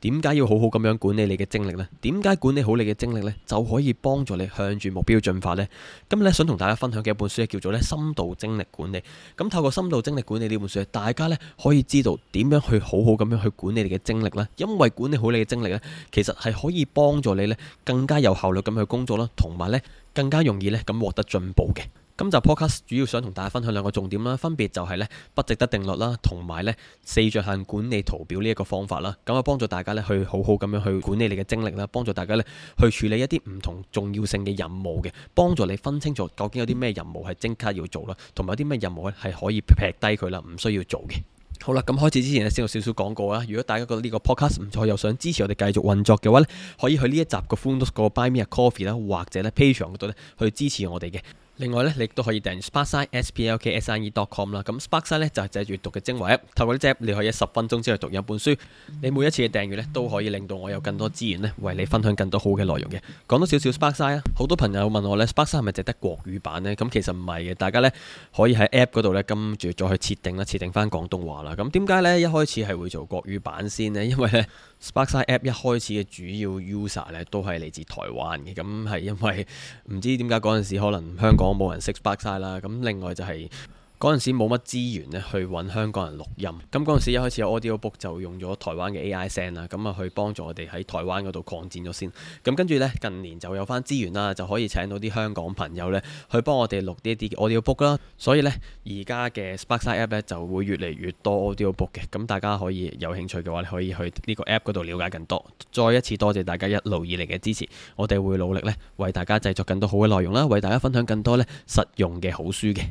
點解要好好咁樣管理你嘅精力呢？點解管理好你嘅精力呢？就可以幫助你向住目標進發呢？今日咧想同大家分享嘅一本書叫做咧《深度精力管理》。咁透過《深度精力管理》呢本書，大家咧可以知道點樣去好好咁樣去管理你嘅精力咧。因為管理好你嘅精力呢，其實係可以幫助你呢更加有效率咁去工作啦，同埋呢更加容易呢咁獲得進步嘅。今集 Podcast 主要想同大家分享兩個重點啦，分別就係呢：不值得定律啦，同埋呢四象限管理圖表呢一個方法啦。咁啊，幫助大家呢去好好咁樣去管理你嘅精力啦，幫助大家呢去處理一啲唔同重要性嘅任務嘅，幫助你分清楚究竟有啲咩任務係即刻要做啦，同埋有啲咩任務咧係可以劈低佢啦，唔需要做嘅。好啦，咁開始之前呢，先有少少廣告啦。如果大家覺得呢個 Podcast 唔錯，又想支持我哋繼續運作嘅話呢，可以去呢一集個 Fundus 個 Buy Me A Coffee 啦，或者呢 Patreon 度呢去支持我哋嘅。另外咧，你亦都可以訂閱 s p a r k s i e S P L K S R E dot com 啦。咁 s p a r k s i 就係借閲讀嘅精華 APP。透過啲 app，你可以喺十分鐘之後讀一本書。你每一次嘅訂閱咧，都可以令到我有更多資源咧，為你分享更多好嘅內容嘅。講多少少 s p a r k s i 啊！好多朋友問我咧 s p a r k s i d 係咪只係得國語版呢？咁其實唔係嘅，大家咧可以喺 app 嗰度咧，跟住再去設定啦，設定翻廣東話啦。咁點解咧一開始係會做國語版先呢，因為咧。Sparkside app 一開始嘅主要 user 呢，都係嚟自台灣嘅。咁係因為唔知點解嗰陣時，可能香港冇人識 Sparkside 啦，咁另外就係、是。嗰陣時冇乜資源咧，去揾香港人錄音。咁嗰陣時一開始有 audio book 就用咗台灣嘅 AI 聲啦，咁啊去幫助我哋喺台灣嗰度擴展咗先。咁跟住呢，近年就有翻資源啦，就可以請到啲香港朋友呢去幫我哋錄呢啲 audio book 啦。所以呢，而家嘅 Sparks App 咧就會越嚟越多 audio book 嘅。咁大家可以有興趣嘅話，可以去呢個 App 度了解更多。再一次多謝大家一路以嚟嘅支持，我哋會努力呢為大家製作更多好嘅內容啦，為大家分享更多呢實用嘅好書嘅。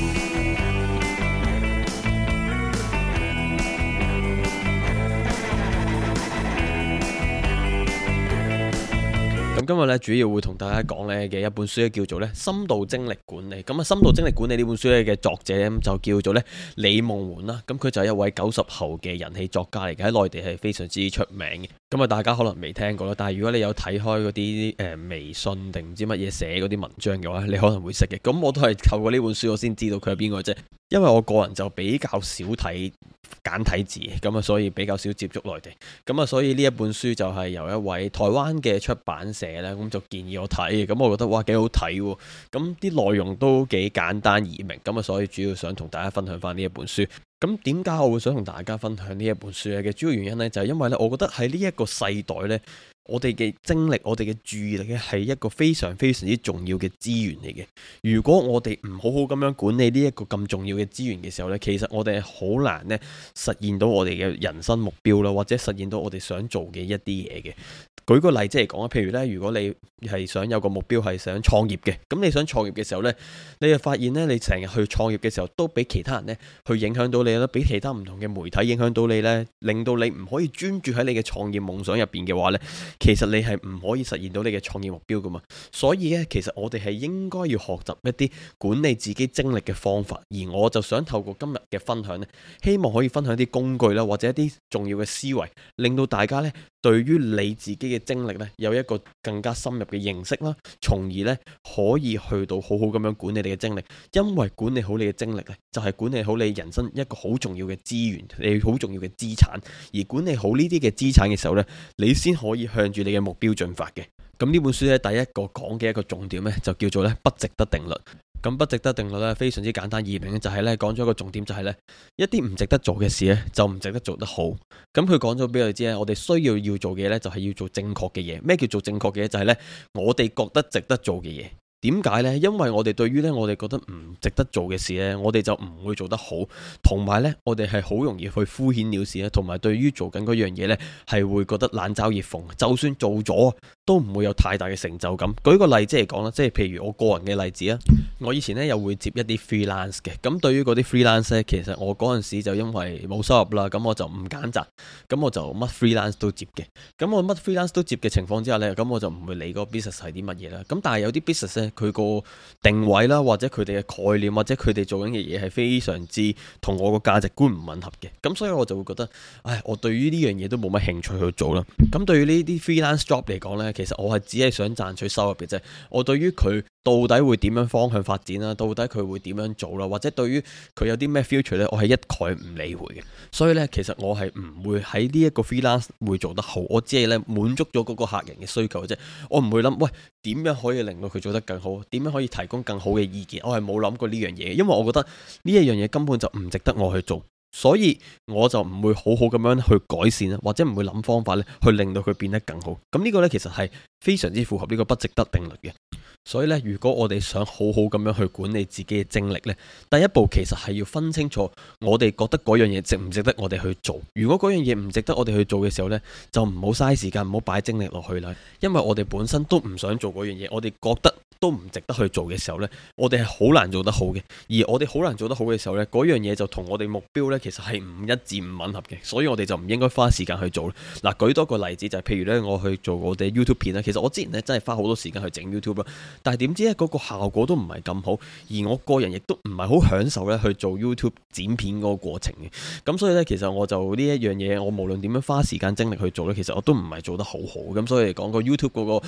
今日咧主要會同大家講咧嘅一本書叫做咧深度精力管理。咁啊，深度精力管理呢本書咧嘅作者就叫做咧李夢媛啦。咁佢就係一位九十後嘅人氣作家嚟嘅，喺內地係非常之出名嘅。咁啊，大家可能未聽過啦。但係如果你有睇開嗰啲誒微信定唔知乜嘢寫嗰啲文章嘅話，你可能會識嘅。咁我都係透過呢本書我先知道佢係邊個啫。因為我個人就比較少睇簡體字，咁啊，所以比較少接觸內地，咁啊，所以呢一本書就係由一位台灣嘅出版社咧，咁就建議我睇嘅，咁我覺得哇幾好睇喎，咁啲內容都幾簡單易明，咁啊，所以主要想同大家分享翻呢一本書。咁點解我會想同大家分享呢一本書咧？嘅主要原因呢？就係因為呢，我覺得喺呢一個世代呢。我哋嘅精力，我哋嘅注意力咧，係一個非常非常之重要嘅資源嚟嘅。如果我哋唔好好咁樣管理呢一個咁重要嘅資源嘅時候呢，其實我哋係好難呢實現到我哋嘅人生目標啦，或者實現到我哋想做嘅一啲嘢嘅。舉個例子嚟講啊，譬如呢，如果你係想有個目標係想創業嘅，咁你想創業嘅時候呢，你就發現呢，你成日去創業嘅時候都俾其他人呢去影響到你啦，俾其他唔同嘅媒體影響到你呢，令到你唔可以專注喺你嘅創業夢想入邊嘅話呢，其實你係唔可以實現到你嘅創業目標噶嘛。所以呢，其實我哋係應該要學習一啲管理自己精力嘅方法，而我就想透過今日嘅分享呢，希望可以分享啲工具啦，或者一啲重要嘅思維，令到大家呢，對於你自己嘅精力呢，有一個更加深入嘅認識啦，從而呢，可以去到好好咁樣管理你嘅精力。因為管理好你嘅精力呢，就係、是、管理好你人生一個好重要嘅資源，你好重要嘅資產。而管理好呢啲嘅資產嘅時候呢，你先可以向住你嘅目標進發嘅。咁呢本書咧，第一個講嘅一個重點呢，就叫做呢，「不值得定律」。咁不值得定律咧，非常之簡單易明嘅，就係咧講咗一個重點，就係，就係咧一啲唔值得做嘅事咧，就唔值得做得好。咁佢講咗俾我哋知咧，我哋需要要做嘅嘢咧，就係要做正確嘅嘢。咩叫做正確嘅嘢？就係、係、咧我哋覺得值得做嘅嘢。點解咧？因為我哋對於咧我哋覺得唔值得做嘅事咧，我哋就唔會做得好。同埋咧，我哋係好容易去敷衍了事咧。同埋對於做緊嗰樣嘢咧，係會覺得冷嘲熱諷。就算做咗，都唔會有太大嘅成就感。舉個例子嚟講啦，即係譬如我個人嘅例子啦，我以前呢又會接一啲 freelance 嘅。咁對於嗰啲 freelance 呢，其實我嗰陣時就因為冇收入啦，咁我就唔揀擇，咁我就乜 freelance 都接嘅。咁我乜 freelance 都接嘅情況之下呢，咁我就唔會理嗰個 business 係啲乜嘢啦。咁但係有啲 business 呢，佢個定位啦，或者佢哋嘅概念，或者佢哋做緊嘅嘢係非常之同我個價值觀唔吻合嘅。咁所以我就會覺得，唉，我對於呢樣嘢都冇乜興趣去做啦。咁對於呢啲 freelance job 嚟講呢。其實我係只係想賺取收入嘅啫，我對於佢到底會點樣方向發展啦，到底佢會點樣做啦，或者對於佢有啲咩 future 呢，我係一概唔理會嘅。所以呢，其實我係唔會喺呢一個 freelance 會做得好，我只係咧滿足咗嗰個客人嘅需求啫。我唔會諗，喂，點樣可以令到佢做得更好？點樣可以提供更好嘅意見？我係冇諗過呢樣嘢，因為我覺得呢一樣嘢根本就唔值得我去做。所以我就唔會好好咁樣去改善，或者唔會諗方法咧，去令到佢變得更好。咁呢個呢，其實係非常之符合呢個不值得定律嘅。所以呢，如果我哋想好好咁樣去管理自己嘅精力呢，第一步其實係要分清楚我哋覺得嗰樣嘢值唔值得我哋去做。如果嗰樣嘢唔值得我哋去做嘅時候呢，就唔好嘥時間，唔好擺精力落去啦。因為我哋本身都唔想做嗰樣嘢，我哋覺得。都唔值得去做嘅時候呢，我哋係好難做得好嘅，而我哋好難做得好嘅時候呢，嗰樣嘢就同我哋目標呢，其實係唔一致唔吻合嘅，所以我哋就唔應該花時間去做嗱、啊，舉多個例子就係、是、譬如呢，我去做我哋 YouTube 片啦，其實我之前呢，真係花好多時間去整 YouTube 啦，但係點知呢，嗰個效果都唔係咁好，而我個人亦都唔係好享受呢去做 YouTube 剪片嗰個過程嘅。咁所以呢，其實我就呢一樣嘢，我無論點樣花時間精力去做呢，其實我都唔係做得好好咁，所以講 you 個 YouTube 嗰個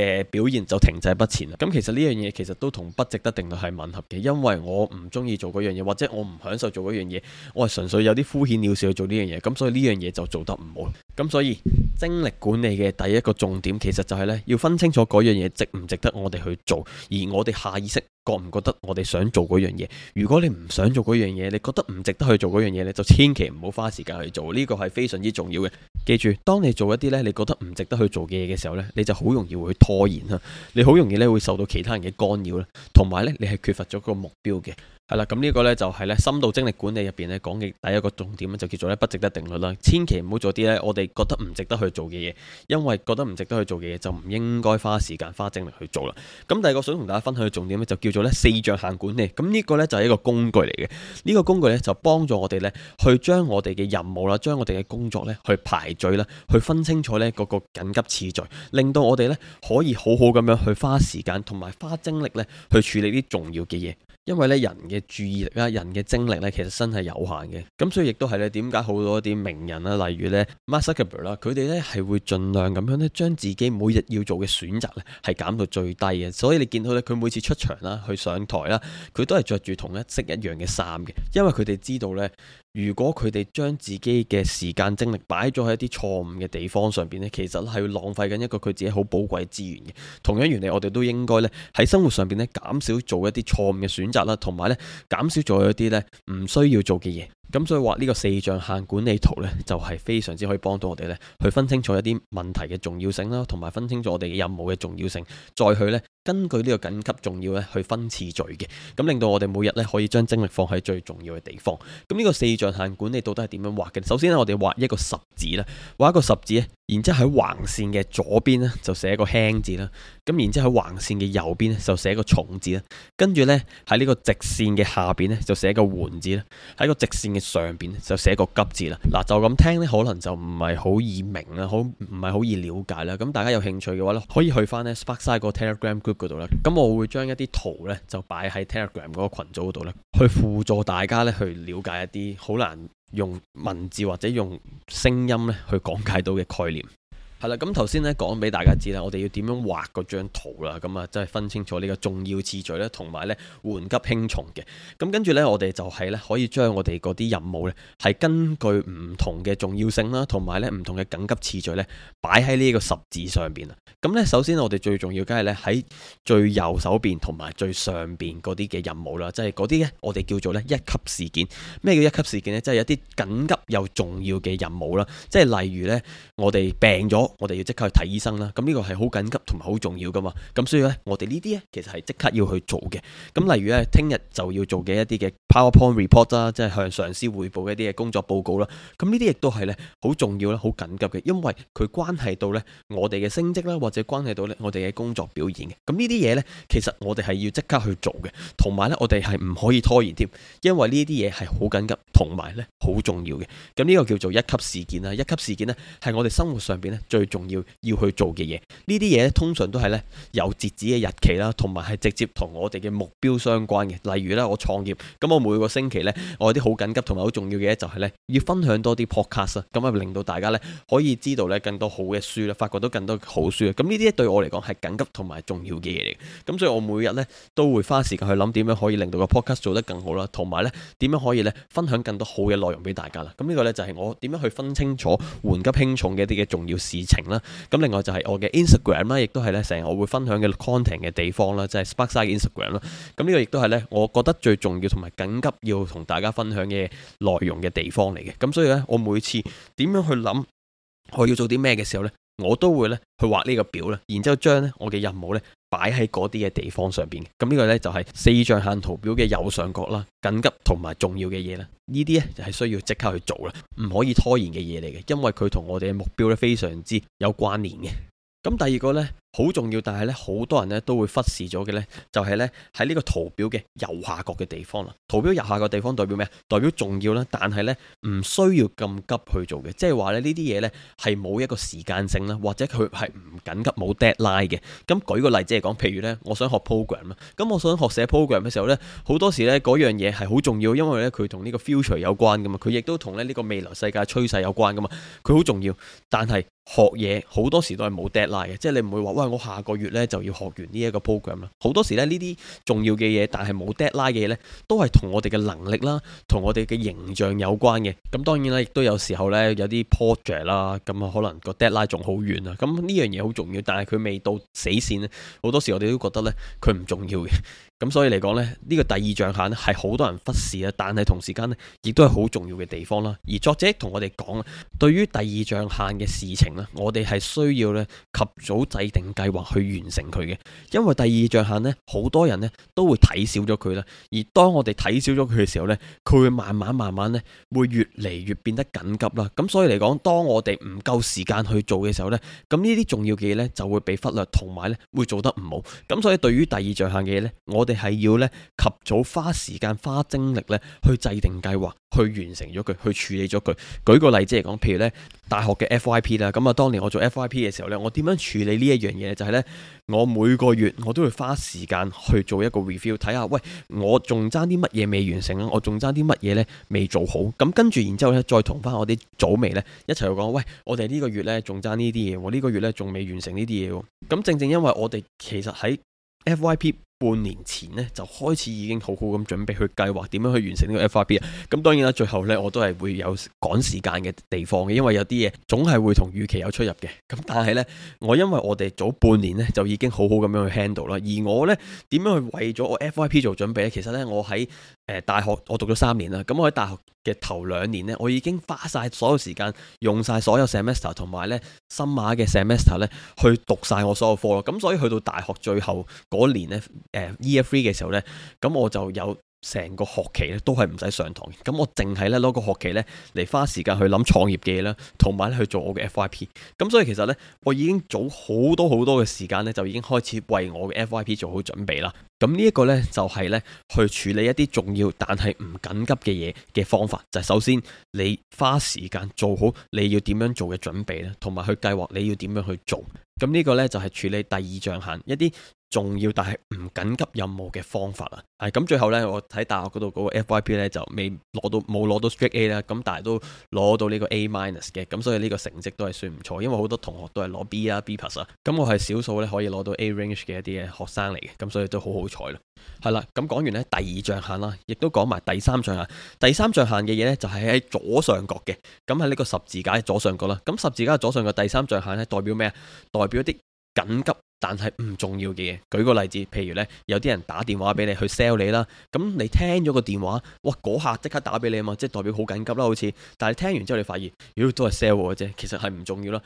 嘅表現就停滯不前啦。咁其實呢樣嘢其實都同不值得定律係吻合嘅，因為我唔中意做嗰樣嘢，或者我唔享受做嗰樣嘢，我係純粹有啲敷衍了事去做呢樣嘢，咁所以呢樣嘢就做得唔好。咁所以精力管理嘅第一個重點，其實就係咧，要分清楚嗰樣嘢值唔值得我哋去做，而我哋下意識覺唔覺得我哋想做嗰樣嘢？如果你唔想做嗰樣嘢，你覺得唔值得去做嗰樣嘢，你就千祈唔好花時間去做，呢個係非常之重要嘅。記住，當你做一啲咧你覺得唔值得去做嘅嘢嘅時候咧，你就好容易會拖延啦，你好容易咧會受到其他人嘅干擾啦，同埋咧你係缺乏咗個目標嘅。係啦，咁呢個呢就係呢深度精力管理入邊呢講嘅第一個重點呢，就叫做呢不值得定律啦。千祈唔好做啲呢我哋覺得唔值得去做嘅嘢，因為覺得唔值得去做嘅嘢就唔應該花時間花精力去做啦。咁第二個想同大家分享嘅重點呢，就叫做呢四象限管理。咁、這、呢個呢，就係一個工具嚟嘅，呢、這個工具呢，就幫助我哋呢，去將我哋嘅任務啦，將我哋嘅工作呢，去排序啦，去分清楚呢嗰個緊急次序，令到我哋呢，可以好好咁樣去花時間同埋花精力呢，去處理啲重要嘅嘢。因為咧人嘅注意力啦，人嘅精力咧，其實真係有限嘅。咁所以亦都係咧，點解好多一啲名人啦，例如咧 Mark Zuckerberg 啦，佢哋咧係會盡量咁樣咧，將自己每日要做嘅選擇咧係減到最低嘅。所以你見到咧，佢每次出場啦，去上台啦，佢都係着住同一式一樣嘅衫嘅，因為佢哋知道咧。如果佢哋將自己嘅時間精力擺咗喺一啲錯誤嘅地方上邊咧，其實係要浪費緊一個佢自己好寶貴資源嘅。同樣原理，我哋都應該咧喺生活上邊咧減少做一啲錯誤嘅選擇啦，同埋咧減少做一啲咧唔需要做嘅嘢。咁所以畫呢個四象限管理圖呢，就係非常之可以幫到我哋呢去分清楚一啲問題嘅重要性啦，同埋分清楚我哋嘅任務嘅重要性，再去呢，根據呢個緊急重要呢去分次序嘅，咁令到我哋每日呢可以將精力放喺最重要嘅地方。咁呢個四象限管理到底係點樣畫嘅？首先呢，我哋畫一個十字啦，畫一個十字。然之後喺橫線嘅左邊咧就寫一個輕字啦，咁然之後喺橫線嘅右邊咧就寫一個重字啦，跟住咧喺呢個直線嘅下邊咧就寫一個緩字啦，喺個直線嘅上邊咧就寫個急字啦。嗱、啊，就咁聽咧，可能就唔係好易明啦，好唔係好易了解啦。咁大家有興趣嘅話咧，可以去翻咧 Sparkside 個 Telegram group 嗰度啦。咁我會將一啲圖咧就擺喺 Telegram 嗰個群組嗰度咧，去輔助大家咧去了解一啲好難用文字或者用聲音咧去講解到嘅概念。係啦，咁頭先咧講俾大家知啦，我哋要點樣畫嗰張圖啦，咁啊，即係分清楚呢個重要次序咧，同埋咧緩急輕重嘅。咁跟住咧，我哋就係咧可以將我哋嗰啲任務咧，係根據唔同嘅重要性啦，同埋咧唔同嘅緊急次序咧，擺喺呢個十字上邊啊。咁咧，首先我哋最重要梗係咧喺最右手邊同埋最上邊嗰啲嘅任務啦，即係嗰啲咧我哋叫做咧一級事件。咩叫一級事件咧？即係一啲緊急又重要嘅任務啦，即係例如咧我哋病咗。哦、我哋要即刻去睇醫生啦，咁呢個係好緊急同埋好重要㗎嘛，咁所以咧，我哋呢啲咧其實係即刻要去做嘅，咁例如咧，聽日就要做嘅一啲嘅。PowerPoint report 啦，即係向上司匯報一啲嘅工作報告啦。咁呢啲亦都係咧好重要啦，好緊急嘅，因為佢關係到咧我哋嘅升職啦，或者關係到咧我哋嘅工作表現嘅。咁呢啲嘢咧，其實我哋係要即刻去做嘅，同埋咧我哋係唔可以拖延添，因為呢啲嘢係好緊急，同埋咧好重要嘅。咁呢個叫做一級事件啦，一級事件咧係我哋生活上邊咧最重要要去做嘅嘢。呢啲嘢通常都係咧有截止嘅日期啦，同埋係直接同我哋嘅目標相關嘅。例如咧我創業，咁我。每個星期呢，我有啲好緊急同埋好重要嘅嘢就係呢：要分享多啲 podcast 啊，咁啊令到大家呢，可以知道呢更多好嘅書啦，發掘到更多好書啊。咁呢啲呢對我嚟講係緊急同埋重要嘅嘢嚟。咁所以我每日呢，都會花時間去諗點樣可以令到個 podcast 做得更好啦，同埋呢點樣可以呢分享更多好嘅內容俾大家啦。咁呢個呢，就係我點樣去分清楚緩急輕重嘅一啲嘅重要事情啦。咁另外就係我嘅 Instagram 啦，亦都係呢成日我會分享嘅 content 嘅地方啦，就係 Sparkside Instagram 啦。咁呢個亦都係呢，我覺得最重要同埋更緊急要同大家分享嘅內容嘅地方嚟嘅，咁所以呢，我每次點樣去諗我要做啲咩嘅時候呢，我都會呢去畫呢個表啦，然之後將呢我嘅任務呢擺喺嗰啲嘅地方上邊。咁呢個呢，就係四象限圖表嘅右上角啦，緊急同埋重要嘅嘢啦，呢啲呢，就係需要即刻去做啦，唔可以拖延嘅嘢嚟嘅，因為佢同我哋嘅目標呢非常之有關聯嘅。咁第二個呢。好重要，但係咧，好多人咧都會忽視咗嘅咧，就係咧喺呢個圖表嘅右下角嘅地方啦。圖表右下角地方代表咩啊？代表重要啦，但係咧唔需要咁急去做嘅，即係話咧呢啲嘢咧係冇一個時間性啦，或者佢係唔緊急冇 deadline 嘅。咁舉個例子嚟講，譬如咧我想學 program 啊，咁我想學寫 program 嘅時候咧，好多時咧樣嘢係好重要，因為咧佢同呢個 future 有關噶嘛，佢亦都同咧呢個未來世界趨勢有關噶嘛，佢好重要，但係學嘢好多時都係冇 deadline 嘅，即係你唔會話喂。我下個月咧就要學完呢一個 program 啦。好多時咧呢啲重要嘅嘢，但係冇 deadline 嘅嘢咧，都係同我哋嘅能力啦，同我哋嘅形象有關嘅。咁當然啦，亦都有時候咧有啲 project 啦，咁啊可能個 deadline 仲好遠啊。咁呢樣嘢好重要，但係佢未到死線咧，好多時我哋都覺得咧佢唔重要嘅。咁所以嚟講呢，呢、呢個第二象限呢係好多人忽視啦，但係同時間呢，亦都係好重要嘅地方啦。而作者同我哋講，對於第二象限嘅事情呢，我哋係需要呢及早制定計劃去完成佢嘅，因為第二象限呢，好多人呢都會睇少咗佢啦。而當我哋睇少咗佢嘅時候呢，佢會慢慢慢慢呢會越嚟越變得緊急啦。咁所以嚟講，當我哋唔夠時間去做嘅時候呢，咁呢啲重要嘅嘢呢就會被忽略，同埋呢會做得唔好。咁所以對於第二象限嘅嘢呢，我我哋係要咧及早花時間花精力咧去制定計劃，去完成咗佢，去處理咗佢。舉個例子嚟講，譬如咧大學嘅 FYP 啦，咁啊當年我做 FYP 嘅時候咧，我點樣處理呢一樣嘢？就係咧我每個月我都會花時間去做一個 review，睇下喂，我仲爭啲乜嘢未完成啊？我仲爭啲乜嘢咧未做好？咁跟住，然之後咧再同翻我啲組尾咧一齊去講，喂，我哋呢個月咧仲爭呢啲嘢喎，呢個月咧仲未完成呢啲嘢喎。咁正正因為我哋其實喺 FYP。半年前呢，就開始已經好好咁準備去計劃點樣去完成呢個 FYP 啊，咁當然啦，最後呢，我都係會有趕時間嘅地方嘅，因為有啲嘢總係會同預期有出入嘅。咁但係呢，我因為我哋早半年呢，就已經好好咁樣去 handle 啦，而我呢，點樣去為咗我 FYP 做準備呢？其實呢，我喺。誒，大學我讀咗三年啦，咁我喺大學嘅頭兩年呢，我已經花晒所有時間，用晒所有 semester 同埋呢 summer 嘅 semester 呢，去讀晒我所有科咯，咁所以去到大學最後嗰年呢，誒 Year 3嘅時候呢，咁我就有。成個學期咧都係唔使上堂嘅，咁我淨係咧攞個學期咧嚟花時間去諗創業嘅嘢啦，同埋去做我嘅 FYP。咁所以其實呢，我已經早好多好多嘅時間咧，就已經開始為我嘅 FYP 做好準備啦。咁呢一個呢，就係、是、呢去處理一啲重要但係唔緊急嘅嘢嘅方法，就係、是、首先你花時間做好你要點樣做嘅準備咧，同埋去計劃你要點樣去做。咁呢個呢，就係、是、處理第二象限一啲重要但係唔緊急任務嘅方法啦，係、嗯、咁最後呢，我喺大學嗰度嗰個 FYP 呢，就未攞到，冇攞到 Straight A 啦，咁但係都攞到呢個 A minus 嘅，咁所以呢個成績都係算唔錯，因為好多同學都係攞 B 啊 B plus 啊，咁我係少數咧可以攞到 A range 嘅一啲嘅學生嚟嘅，咁所以都好好彩啦，係、嗯、啦，咁講完咧第二象限啦，亦都講埋第三象限，第三象限嘅嘢呢，就係喺左上角嘅，咁喺呢個十字架左上角啦，咁十字架左上角第三象限呢，代表咩啊？代表一啲緊急。但係唔重要嘅嘢，舉個例子，譬如呢，有啲人打電話俾你去 sell 你啦，咁你聽咗個電話，哇嗰下即刻打俾你啊嘛，即係代表好緊急啦，好似，但係聽完之後你發現，妖都係 sell 我嘅啫，其實係唔重要啦。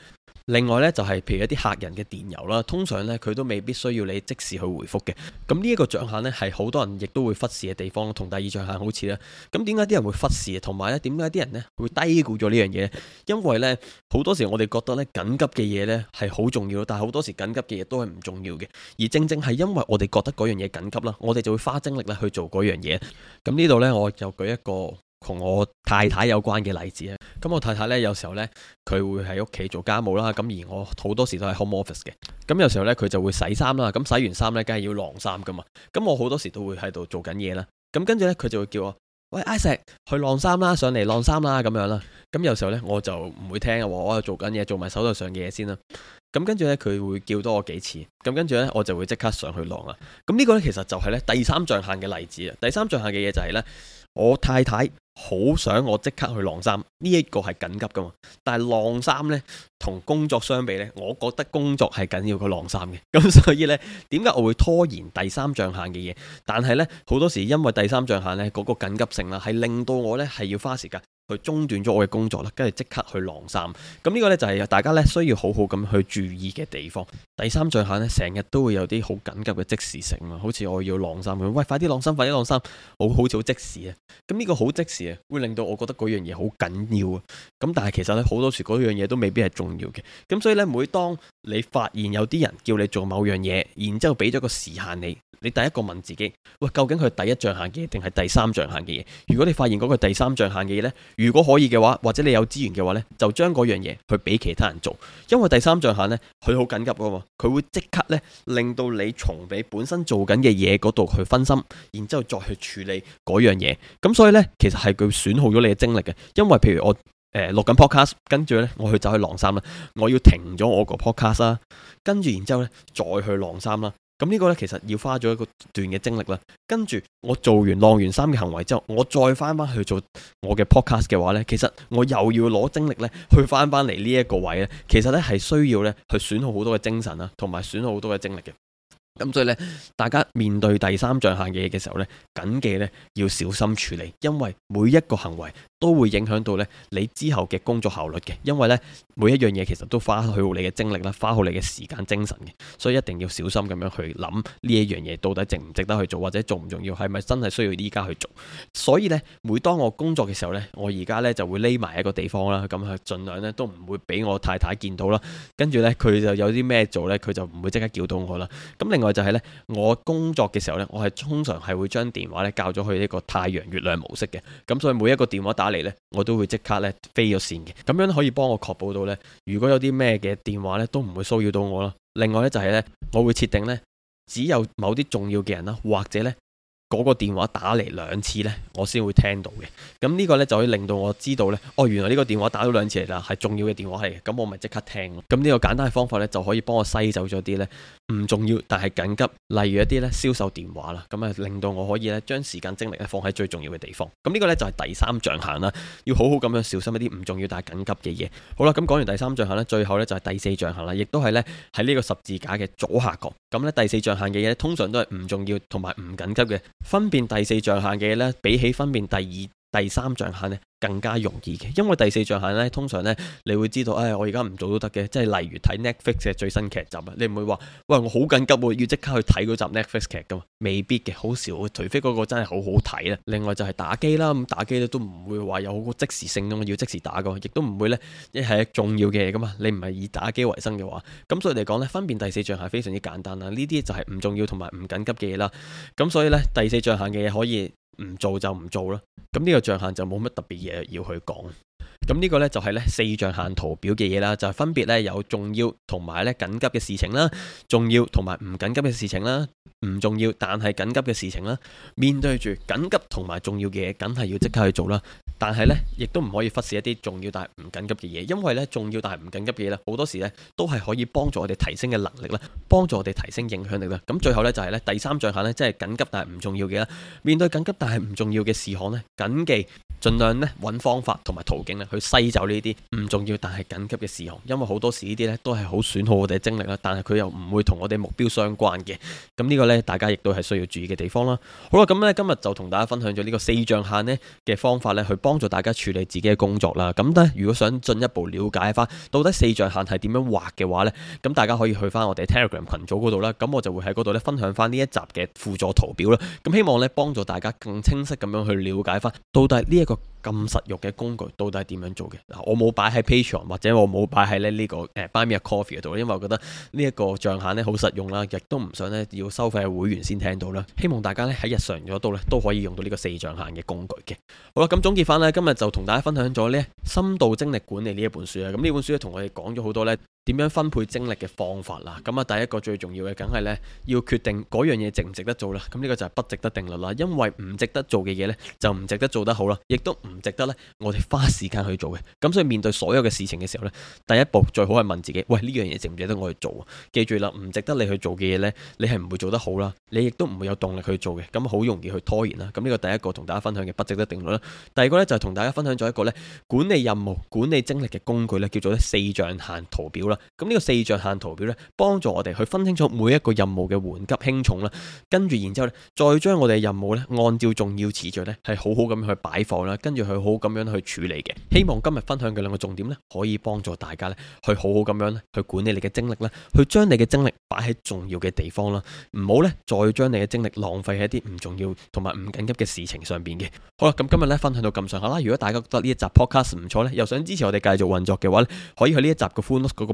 另外咧就係譬如一啲客人嘅電郵啦，通常咧佢都未必需要你即時去回覆嘅。咁呢一個象限咧係好多人亦都會忽視嘅地方，同第二象限好似咧。咁點解啲人會忽視？同埋咧點解啲人咧會低估咗呢樣嘢？因為咧好多時我哋覺得咧緊急嘅嘢咧係好重要，但係好多時緊急嘅嘢都係唔重要嘅。而正正係因為我哋覺得嗰樣嘢緊急啦，我哋就會花精力咧去做嗰樣嘢。咁呢度咧我就舉一個同我太太有關嘅例子咧，咁我太太呢，有時候呢，佢會喺屋企做家務啦，咁而我好多時都係 home office 嘅，咁有時候呢，佢就會洗衫啦，咁洗完衫呢，梗係要晾衫噶嘛，咁我好多時都會喺度做緊嘢啦，咁跟住呢，佢就會叫我喂 Isaac 去晾衫啦，上嚟晾衫啦咁樣啦，咁有時候呢，我就唔會聽，話我又做緊嘢，做埋手頭上嘅嘢先啦，咁跟住呢，佢會叫多我幾次，咁跟住呢，我就會即刻上去晾啊，咁呢個呢，其實就係呢第三象限嘅例子啊，第三象限嘅嘢就係呢。我太太好想我即刻去晾衫，呢、這、一個係緊急㗎嘛。但係晾衫呢，同工作相比呢，我覺得工作係緊要過晾衫嘅。咁所以呢，點解我會拖延第三象限嘅嘢。但係呢，好多時因為第三象限呢嗰、那個緊急性啦，係令到我呢係要花時間。佢中斷咗我嘅工作啦，跟住即刻去晾衫。咁呢個呢，就係大家呢需要好好咁去注意嘅地方。第三在下呢，成日都會有啲好緊急嘅即時性啊，好似我要晾衫咁，喂，快啲晾衫，快啲晾衫，好好似好即時啊。咁呢個好即時啊，會令到我覺得嗰樣嘢好緊要啊。咁但係其實呢，好多時嗰樣嘢都未必係重要嘅。咁所以呢，每當你發現有啲人叫你做某樣嘢，然之後俾咗個時限你。你第一個問自己，喂，究竟佢係第一象限嘅嘢，定係第三象限嘅嘢？如果你發現嗰個第三象限嘅嘢呢，如果可以嘅話，或者你有資源嘅話呢，就將嗰樣嘢去俾其他人做，因為第三象限呢，佢好緊急噶佢會即刻呢令到你從你本身做緊嘅嘢嗰度去分心，然之後再去處理嗰樣嘢。咁所以呢，其實係佢損耗咗你嘅精力嘅。因為譬如我誒錄緊 podcast，跟住呢，我去走去晾衫啦，我要停咗我個 podcast 啦，跟住然之後呢再去晾衫啦。咁呢個呢，其實要花咗一個段嘅精力啦。跟住我做完浪完三嘅行為之後，我再翻翻去做我嘅 podcast 嘅話呢，其實我又要攞精力呢，去翻翻嚟呢一個位呢。其實呢係需要呢去損耗好多嘅精神啦，同埋損耗好多嘅精力嘅。咁、嗯、所以呢，大家面對第三象限嘅嘢嘅時候呢，謹記呢要小心處理，因為每一個行為，都會影響到咧你之後嘅工作效率嘅，因為咧每一樣嘢其實都花去好你嘅精力啦，花好你嘅時間、精神嘅，所以一定要小心咁樣去諗呢一樣嘢到底值唔值得去做，或者重唔重要，係咪真係需要依家去做？所以咧，每當我工作嘅時候咧，我而家咧就會匿埋一個地方啦，咁係盡量咧都唔會俾我太太見到啦。跟住咧佢就有啲咩做咧，佢就唔會即刻叫到我啦。咁另外就係咧，我工作嘅時候咧，我係通常係會將電話咧校咗去呢個太陽、月亮模式嘅，咁所以每一個電話打。嚟咧，我都會即刻咧飛咗線嘅，咁樣可以幫我確保到咧，如果有啲咩嘅電話咧，都唔會騷擾到我啦。另外咧，就係咧，我會設定咧，只有某啲重要嘅人啦，或者咧。嗰個電話打嚟兩次呢，我先會聽到嘅。咁呢個呢，就可以令到我知道呢。哦，原來呢個電話打咗兩次嚟啦，係重要嘅電話嚟嘅。咁我咪即刻聽咯。咁呢個簡單嘅方法呢，就可以幫我篩走咗啲呢唔重要但係緊急，例如一啲呢銷售電話啦。咁啊，令到我可以呢將時間精力咧放喺最重要嘅地方。咁呢個呢，就係第三象限啦，要好好咁樣小心一啲唔重要但係緊急嘅嘢。好啦，咁講完第三象限呢，最後呢就係第四象限啦，亦都係呢喺呢個十字架嘅左下角。咁呢第四象限嘅嘢通常都係唔重要同埋唔緊急嘅。分辨第四象限嘅嘢咧，比起分辨第二、第三象限咧更加容易嘅，因為第四象限咧通常咧你會知道，誒、哎、我而家唔做都得嘅，即係例如睇 Netflix 嘅最新劇集啊，你唔會話，喂，我好緊急，我要即刻去睇嗰集 Netflix 劇噶嘛，未必嘅，好少，除非嗰個真係好好睇啦。另外就係打機啦，咁打機咧都唔會話有好個即時性噶嘛，要即時打噶，亦都唔會咧一係重要嘅嘢噶嘛，你唔係以打機為生嘅話，咁所以嚟講咧分辨第四象限非常之簡單啦，呢啲就係唔重要同埋唔緊急嘅嘢啦，咁所以咧第四象限嘅嘢可以。唔做就唔做啦，咁呢個象限就冇乜特別嘢要去講。咁呢個呢，就係呢四象限圖表嘅嘢啦，就係分別呢，有重要同埋呢緊急嘅事情啦，重要同埋唔緊急嘅事情啦，唔重要但係緊急嘅事情啦。面對住緊急同埋重要嘅嘢，梗係要即刻去做啦。但係咧，亦都唔可以忽視一啲重要但係唔緊急嘅嘢，因為咧重要但係唔緊急嘅嘢咧，好多時咧都係可以幫助我哋提升嘅能力啦，幫助我哋提升影響力啦。咁最後咧就係咧第三象限咧，即係緊急但係唔重要嘅啦。面對緊急但係唔重要嘅事項咧，謹記。盡量呢揾方法同埋途徑呢去篩走呢啲唔重要但係緊急嘅事項，因為好多時呢啲呢都係好損耗我哋嘅精力啦，但係佢又唔會同我哋目標相關嘅。咁呢個呢，大家亦都係需要注意嘅地方啦。好啦，咁呢，今日就同大家分享咗呢個四象限呢嘅方法呢，去幫助大家處理自己嘅工作啦。咁呢，如果想進一步了解翻到底四象限係點樣畫嘅話呢，咁大家可以去翻我哋 Telegram 群組嗰度啦。咁我就會喺嗰度呢分享翻呢一集嘅輔助圖表啦。咁希望呢，幫助大家更清晰咁樣去了解翻到底呢一個咁實用嘅工具到底係點樣做嘅？我冇擺喺 Patreon 或者我冇擺喺咧呢個誒 Buy Me Coffee 度，因為我覺得呢一個象限咧好實用啦，亦都唔想咧要收費會員先聽到啦。希望大家咧喺日常嗰度咧都可以用到呢個四象限嘅工具嘅。好啦，咁總結翻咧，今日就同大家分享咗咧《深度精力管理》呢一本書啊。咁呢本書同我哋講咗好多咧。點樣分配精力嘅方法啦。咁啊，第一個最重要嘅，梗係咧要決定嗰樣嘢值唔值得做啦。咁呢個就係不值得定律啦。因為唔值得做嘅嘢呢，就唔值得做得好啦，亦都唔值得呢。我哋花時間去做嘅。咁所以面對所有嘅事情嘅時候呢，第一步最好係問自己：喂，呢樣嘢值唔值得我去做？記住啦，唔值得你去做嘅嘢呢，你係唔會做得好啦，你亦都唔會有動力去做嘅。咁好容易去拖延啦。咁呢個第一個同大家分享嘅不值得定律啦。第二個呢，就係同大家分享咗一個咧管理任務、管理精力嘅工具咧，叫做四象限圖表啦。咁呢個四象限圖表咧，幫助我哋去分清楚每一個任務嘅緩急輕重啦。跟住，然之後咧，再將我哋嘅任務咧，按照重要次序咧，係好好咁去擺放啦。跟住，去好咁樣去處理嘅。希望今日分享嘅兩個重點咧，可以幫助大家咧，去好好咁樣咧，去管理你嘅精力啦，去將你嘅精力擺喺重要嘅地方啦。唔好咧，再將你嘅精力浪費喺一啲唔重要同埋唔緊急嘅事情上邊嘅。好啦，咁今日咧，分享到咁上下啦。如果大家覺得呢一集 Podcast 唔錯咧，又想支持我哋繼續運作嘅話咧，可以去呢一集嘅嗰個